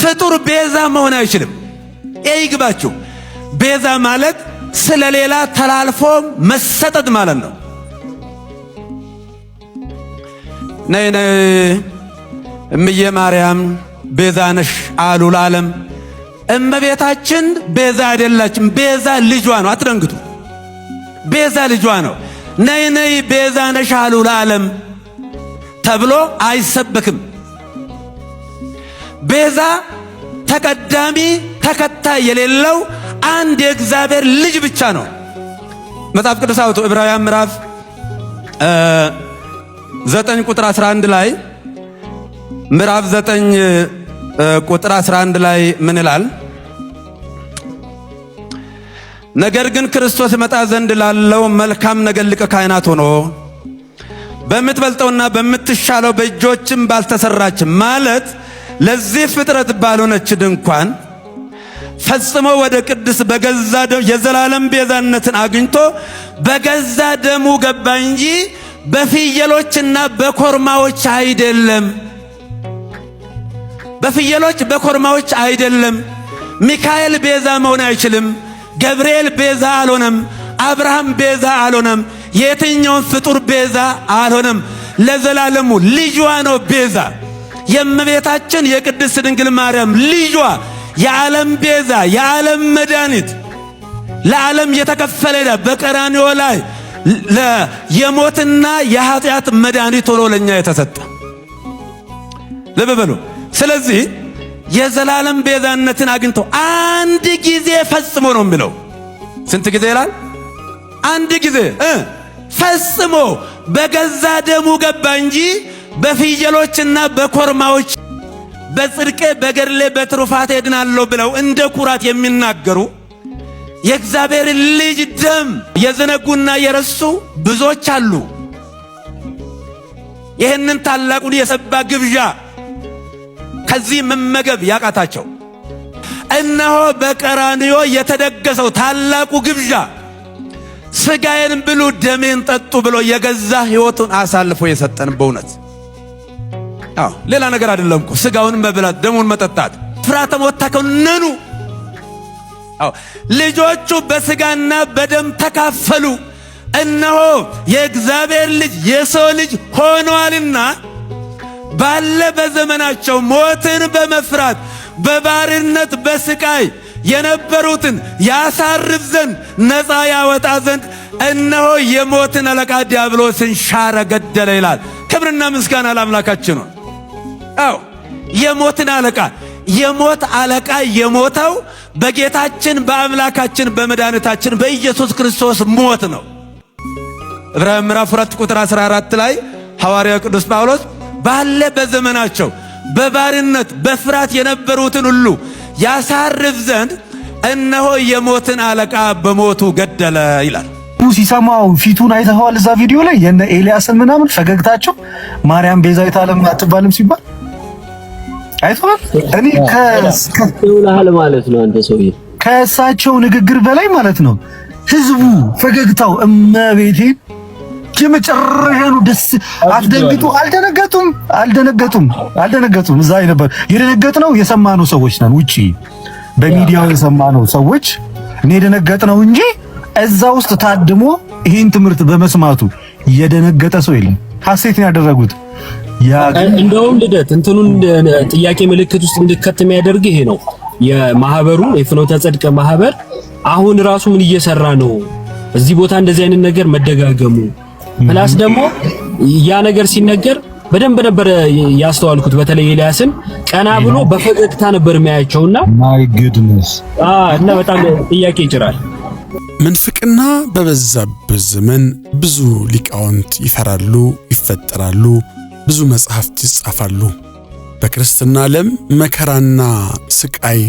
ፍጡር ቤዛ መሆን አይችልም። ይህ ይግባችሁ። ቤዛ ማለት ስለ ሌላ ተላልፎ መሰጠት ማለት ነው። ነይ ነይ እምዬ ማርያም ቤዛ ነሽ አሉ ለዓለም። እመቤታችን ቤዛ አይደላችም ቤዛ ልጇ ነው። አትደንግጡ። ቤዛ ልጇ ነው። ነይ ነይ ቤዛ ነሽ አሉ ለዓለም ተብሎ አይሰበክም። ቤዛ ተቀዳሚ ተከታይ የሌለው አንድ የእግዚአብሔር ልጅ ብቻ ነው። መጽሐፍ ቅዱስ አውቶ ዕብራውያን ምዕራፍ ዘጠኝ ቁጥር 11 ላይ ምዕራፍ ዘጠኝ ቁጥር 11 ላይ ምን ይላል? ነገር ግን ክርስቶስ መጣ ዘንድ ላለው መልካም ነገር ሊቀ ካህናት ሆኖ በምትበልጠውና በምትሻለው በእጆችም ባልተሰራች ማለት ለዚህ ፍጥረት ባልሆነች ድንኳን ፈጽሞ ወደ ቅድስ በገዛ ደም የዘላለም ቤዛነትን አግኝቶ በገዛ ደሙ ገባ እንጂ በፍየሎችና በኮርማዎች አይደለም። በፍየሎች በኮርማዎች አይደለም። ሚካኤል ቤዛ መሆን አይችልም። ገብርኤል ቤዛ አልሆነም። አብርሃም ቤዛ አልሆነም። የትኛውን ፍጡር ቤዛ አልሆነም። ለዘላለሙ ልጅዋ ነው ቤዛ የእመቤታችን የቅድስት ድንግል ማርያም ልጇ የዓለም ቤዛ የዓለም መድኃኒት ለዓለም የተከፈለ ዕዳ በቀራንዮ ላይ የሞትና የኃጢአት መድኃኒት ሆኖ ለእኛ የተሰጠ ልብ በሉ። ስለዚህ የዘላለም ቤዛነትን አግኝቶ አንድ ጊዜ ፈጽሞ ነው የሚለው። ስንት ጊዜ ይላል? አንድ ጊዜ ፈጽሞ በገዛ ደሙ ገባ እንጂ በፍየሎችና በኮርማዎች በጽድቄ በገድሌ በትሩፋት እድናለሁ ብለው እንደ ኩራት የሚናገሩ የእግዚአብሔር ልጅ ደም የዘነጉና የረሱ ብዙዎች አሉ። ይህንን ታላቁን የሰባ ግብዣ ከዚህ መመገብ ያቃታቸው እነሆ በቀራንዮ የተደገሰው ታላቁ ግብዣ ስጋዬን ብሉ ደሜን ጠጡ ብሎ የገዛ ሕይወቱን አሳልፎ የሰጠን በእውነት አዎ ሌላ ነገር አይደለም እኮ ስጋውን መብላት ደሙን መጠጣት። ፍራተ ሞት ተኮነኑ። አዎ ልጆቹ በስጋና በደም ተካፈሉ። እነሆ የእግዚአብሔር ልጅ የሰው ልጅ ሆኗልና ባለ በዘመናቸው ሞትን በመፍራት በባርነት በስቃይ የነበሩትን ያሳርፍ ዘንድ ነፃ ያወጣ ዘንድ እነሆ የሞትን አለቃ ዲያብሎስን ሻረ፣ ገደለ ይላል። ክብርና ምስጋና ለአምላካችን ነው። አው የሞትን አለቃ የሞት አለቃ የሞተው በጌታችን በአምላካችን በመድኃኒታችን በኢየሱስ ክርስቶስ ሞት ነው። ዕብራውያን ምዕራፍ 2 ቁጥር 14 ላይ ሐዋርያው ቅዱስ ጳውሎስ ባለ በዘመናቸው በባርነት በፍርሃት የነበሩትን ሁሉ ያሳርፍ ዘንድ እነሆ የሞትን አለቃ በሞቱ ገደለ ይላል። ሲሰማው ፊቱን አይተኸዋል። እዛ ቪዲዮ ላይ የነ ኤልያስን ምናምን ፈገግታቸው ማርያም ቤዛዊተ ዓለም አትባልም ሲባል አይቷል። እኔ ከስከውላል ማለት ነው አንተ ሰውዬ ከእሳቸው ንግግር በላይ ማለት ነው ህዝቡ ፈገግታው፣ እመቤቴ የመጨረሻኑ ደስ አትደንግጡ። አልደነገጡም፣ አልደነገጡም፣ አልደነገጡም። እዛ ነበር የደነገጥነው የሰማነው ሰዎች ነን። ውጪ በሚዲያው የሰማነው ሰዎች እኔ የደነገጥነው እንጂ እዛ ውስጥ ታድሞ ይህን ትምህርት በመስማቱ የደነገጠ ሰው የለም። ሐሴትን ያደረጉት እንደውም ልደት እንትኑን ጥያቄ ምልክት ውስጥ እንድከት የሚያደርግ ይሄ ነው። የማህበሩ የፍኖተ ጽድቅ ማህበር አሁን ራሱ ምን እየሰራ ነው? እዚህ ቦታ እንደዚህ አይነት ነገር መደጋገሙ ፕላስ ደግሞ ያ ነገር ሲነገር በደንብ ነበር ያስተዋልኩት። በተለይ ኤልያስን ቀና ብሎ በፈገግታ ነበር የሚያያቸውና ማይ ጉድነስ እና በጣም ጥያቄ ይጭራል። ምንፍቅና በበዛበት ዘመን ብዙ ሊቃውንት ይፈራሉ፣ ይፈጠራሉ። ብዙ መጽሐፍት ይጻፋሉ። በክርስትና ዓለም መከራና ስቃይ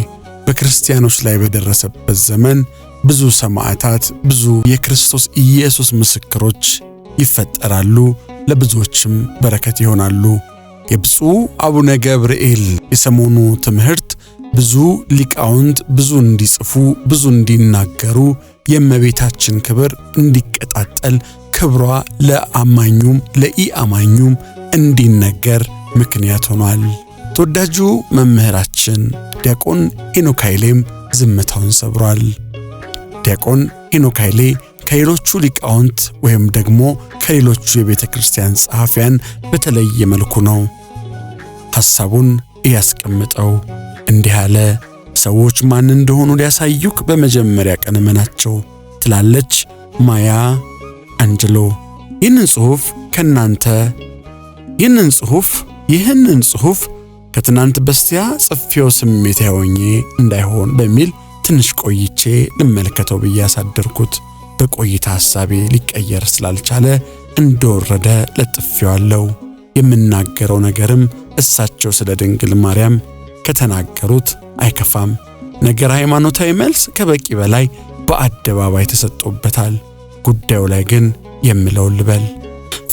በክርስቲያኖች ላይ በደረሰበት ዘመን ብዙ ሰማዕታት፣ ብዙ የክርስቶስ ኢየሱስ ምስክሮች ይፈጠራሉ፣ ለብዙዎችም በረከት ይሆናሉ። የብፁዕ አቡነ ገብርኤል የሰሞኑ ትምህርት ብዙ ሊቃውንት ብዙ እንዲጽፉ ብዙ እንዲናገሩ የእመቤታችን ክብር እንዲቀጣጠል ክብሯ ለአማኙም ለኢ አማኙም እንዲነገር ምክንያት ሆኗል። ተወዳጁ መምህራችን ዲያቆን ሄኖክ ኃይሌም ዝምታውን ሰብሯል። ዲያቆን ሄኖክ ኃይሌ ከሌሎቹ ሊቃውንት ወይም ደግሞ ከሌሎቹ የቤተ ክርስቲያን ጸሐፊያን በተለየ መልኩ ነው ሐሳቡን እያስቀምጠው እንዲህ አለ። ሰዎች ማን እንደሆኑ ሊያሳዩክ በመጀመሪያ ቀን እመናቸው ትላለች ማያ አንጅሎ። ይህንን ጽሑፍ ከእናንተ ይህንን ጽሑፍ ይህንን ጽሑፍ ከትናንት በስቲያ ጽፌው ስሜት ያወኜ እንዳይሆን በሚል ትንሽ ቆይቼ ልመለከተው ብዬ ያሳደርኩት በቆይታ ሐሳቤ ሊቀየር ስላልቻለ እንደወረደ ለጥፌዋለሁ። የምናገረው ነገርም እሳቸው ስለ ድንግል ማርያም ከተናገሩት አይከፋም። ነገር ሃይማኖታዊ መልስ ከበቂ በላይ በአደባባይ ተሰጥቶበታል። ጉዳዩ ላይ ግን የምለው ልበል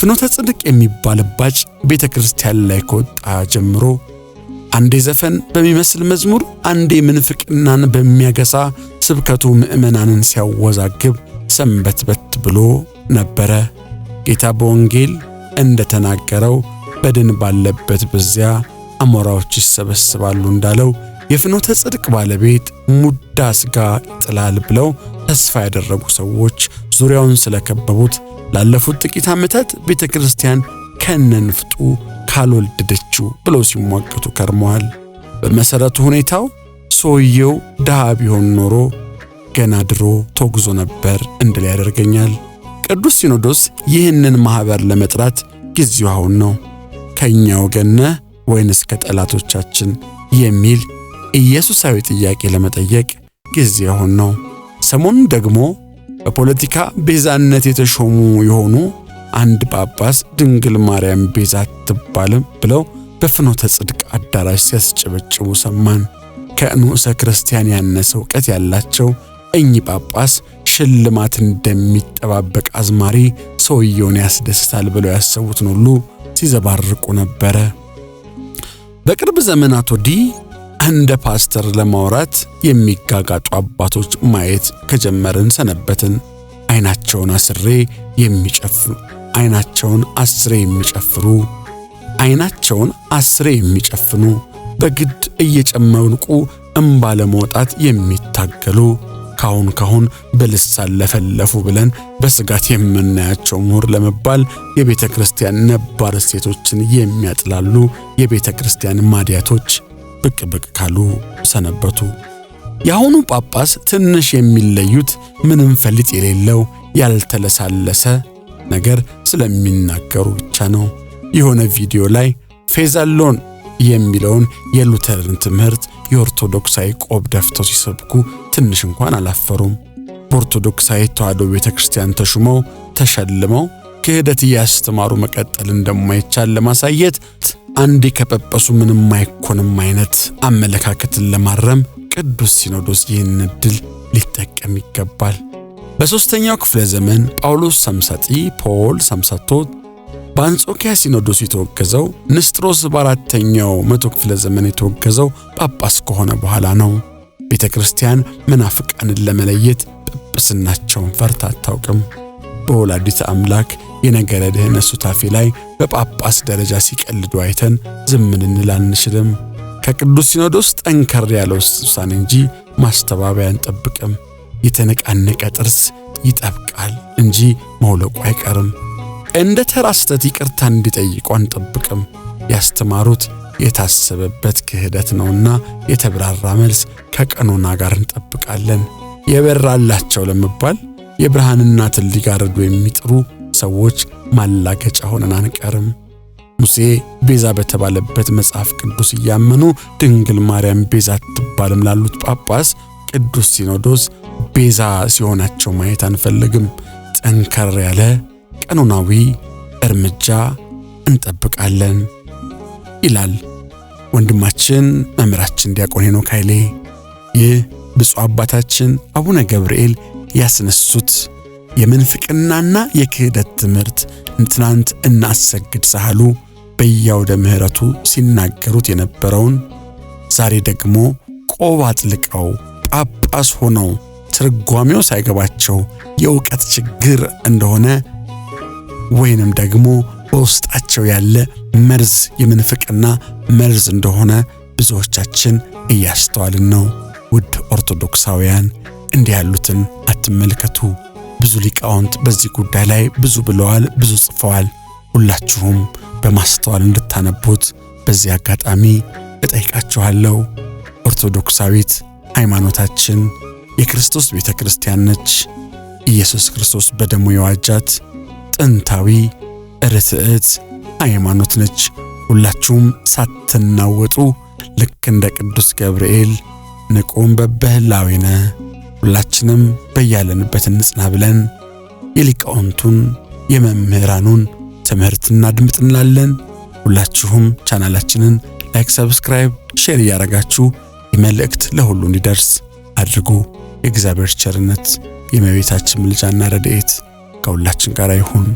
ፍኖተ ጽድቅ የሚባልባች ቤተ ክርስቲያን ላይ ከወጣ ጀምሮ አንዴ ዘፈን በሚመስል መዝሙር፣ አንዴ ምንፍቅናን በሚያገሳ ስብከቱ ምዕመናንን ሲያወዛግብ ሰንበትበት ብሎ ነበረ። ጌታ በወንጌል እንደ ተናገረው በድን ባለበት በዚያ አሞራዎች ይሰበስባሉ እንዳለው የፍኖተ ጽድቅ ባለቤት ሙዳ ሥጋ ይጥላል ብለው ተስፋ ያደረጉ ሰዎች ዙሪያውን ስለከበቡት ላለፉት ጥቂት ዓመታት ቤተ ክርስቲያን ከነንፍጡ ካልወለደችው ብለው ሲሟገቱ ከርመዋል። በመሠረቱ ሁኔታው ሰውየው ድሃ ቢሆን ኖሮ ገና ድሮ ተጉዞ ነበር እንድል ያደርገኛል። ቅዱስ ሲኖዶስ ይህንን ማኅበር ለመጥራት ጊዜው አሁን ነው። ከእኛ ወገነ ወይንስ ከጠላቶቻችን የሚል ኢየሱሳዊ ጥያቄ ለመጠየቅ ጊዜ አሁን ነው። ሰሞኑን ደግሞ በፖለቲካ ቤዛነት የተሾሙ የሆኑ አንድ ጳጳስ ድንግል ማርያም ቤዛ አትባልም ብለው በፍኖተ ጽድቅ አዳራሽ ሲያስጨበጭቡ ሰማን። ከንዑሰ ክርስቲያን ያነሰ እውቀት ያላቸው እኚህ ጳጳስ ሽልማት እንደሚጠባበቅ አዝማሪ ሰውየውን ያስደስታል ብለው ያሰቡትን ሁሉ ሲዘባርቁ ነበረ። በቅርብ ዘመናት ወዲህ እንደ ፓስተር ለማውራት የሚጋጋጡ አባቶች ማየት ከጀመርን ሰነበትን። አይናቸውን አስሬ የሚጨፍሩ አይናቸውን አስሬ የሚጨፍሩ አይናቸውን አስሬ የሚጨፍኑ በግድ እየጨመቁ እምባ ለመውጣት የሚታገሉ ካሁን ካሁን በልሳን ለፈለፉ ብለን በስጋት የምናያቸው ምሁር ለመባል የቤተ ክርስቲያን ነባር እሴቶችን የሚያጥላሉ የቤተ ክርስቲያን ማዲያቶች ብቅ ብቅ ካሉ ሰነበቱ። የአሁኑ ጳጳስ ትንሽ የሚለዩት ምንም ፈሊጥ የሌለው ያልተለሳለሰ ነገር ስለሚናገሩ ብቻ ነው። የሆነ ቪዲዮ ላይ ፌዛሎን የሚለውን የሉተርን ትምህርት የኦርቶዶክሳዊ ቆብ ደፍተው ሲሰብኩ ትንሽ እንኳን አላፈሩም። በኦርቶዶክሳዊ ተዋሕዶ ቤተ ክርስቲያን ተሹመው ተሸልመው ክህደት እያስተማሩ መቀጠል እንደማይቻል ለማሳየት አንዴ ከጳጳሱ ምንም አይኮንም አይነት አመለካከትን ለማረም ቅዱስ ሲኖዶስ ይህን ዕድል ሊጠቀም ይገባል። በሦስተኛው ክፍለ ዘመን ጳውሎስ ሰምሰጢ ፖል ሰምሳቶት በአንጾኪያ ሲኖዶስ የተወገዘው ንስጥሮስ በአራተኛው መቶ ክፍለ ዘመን የተወገዘው ጳጳስ ከሆነ በኋላ ነው። ቤተ ክርስቲያን መናፍቃንን ለመለየት ጵጵስናቸውን ፈርታ አታውቅም። በወላዲተ አምላክ የነገረ ድህነት ሱታፌ ላይ በጳጳስ ደረጃ ሲቀልዱ አይተን ዝም ልንል አንችልም። ከቅዱስ ሲኖዶስ ጠንከር ያለ ውሳኔ እንጂ ማስተባበያ አንጠብቅም። የተነቃነቀ ጥርስ ይጠብቃል እንጂ መውለቁ አይቀርም። እንደ ተራ ስተት ይቅርታ እንዲጠይቁ አንጠብቅም። ያስተማሩት የታሰበበት ክህደት ነውና የተብራራ መልስ ከቀኖና ጋር እንጠብቃለን። የበራላቸው ለመባል የብርሃን እናትን ሊጋርዱ የሚጥሩ ሰዎች ማላገጫ ሆነን አንቀርም። ሙሴ ቤዛ በተባለበት መጽሐፍ ቅዱስ እያመኑ ድንግል ማርያም ቤዛ አትባልም ላሉት ጳጳስ ቅዱስ ሲኖዶስ ቤዛ ሲሆናቸው ማየት አንፈልግም። ጠንከር ያለ ቀኖናዊ እርምጃ እንጠብቃለን ይላል ወንድማችን መምህራችን ዲያቆን ሄኖክ ኃይሌ። ይህ ብፁዕ አባታችን አቡነ ገብርኤል ያስነሱት የምንፍቅናና የክህደት ትምህርት ትናንት እናሰግድ ሳህሉ በያውደ ምሕረቱ ሲናገሩት የነበረውን ዛሬ ደግሞ ቆብ አጥልቀው ጳጳስ ሆነው ትርጓሜው ሳይገባቸው የእውቀት ችግር እንደሆነ ወይንም ደግሞ በውስጣቸው ያለ መርዝ የምንፍቅና መርዝ እንደሆነ ብዙዎቻችን እያስተዋልን ነው። ውድ ኦርቶዶክሳውያን እንዲህ ያሉትን አትመልከቱ። ብዙ ሊቃውንት በዚህ ጉዳይ ላይ ብዙ ብለዋል፣ ብዙ ጽፈዋል። ሁላችሁም በማስተዋል እንድታነቡት በዚህ አጋጣሚ እጠይቃችኋለሁ። ኦርቶዶክሳዊት ሃይማኖታችን የክርስቶስ ቤተ ክርስቲያን ነች። ኢየሱስ ክርስቶስ በደሙ የዋጃት ጥንታዊ ርትዕት ሃይማኖት ነች። ሁላችሁም ሳትናወጡ ልክ እንደ ቅዱስ ገብርኤል ንቁም በበህላዊነ ሁላችንም በያለንበት እንጽና ብለን የሊቃውንቱን የመምህራኑን ትምህርት እናድምጥ እንላለን። ሁላችሁም ቻናላችንን ላይክ፣ ሰብስክራይብ፣ ሼር እያረጋችሁ የመልእክት ለሁሉ እንዲደርስ አድርጉ። የእግዚአብሔር ቸርነት የእመቤታችን ምልጃና ረድኤት ከሁላችን ጋር ይሁን።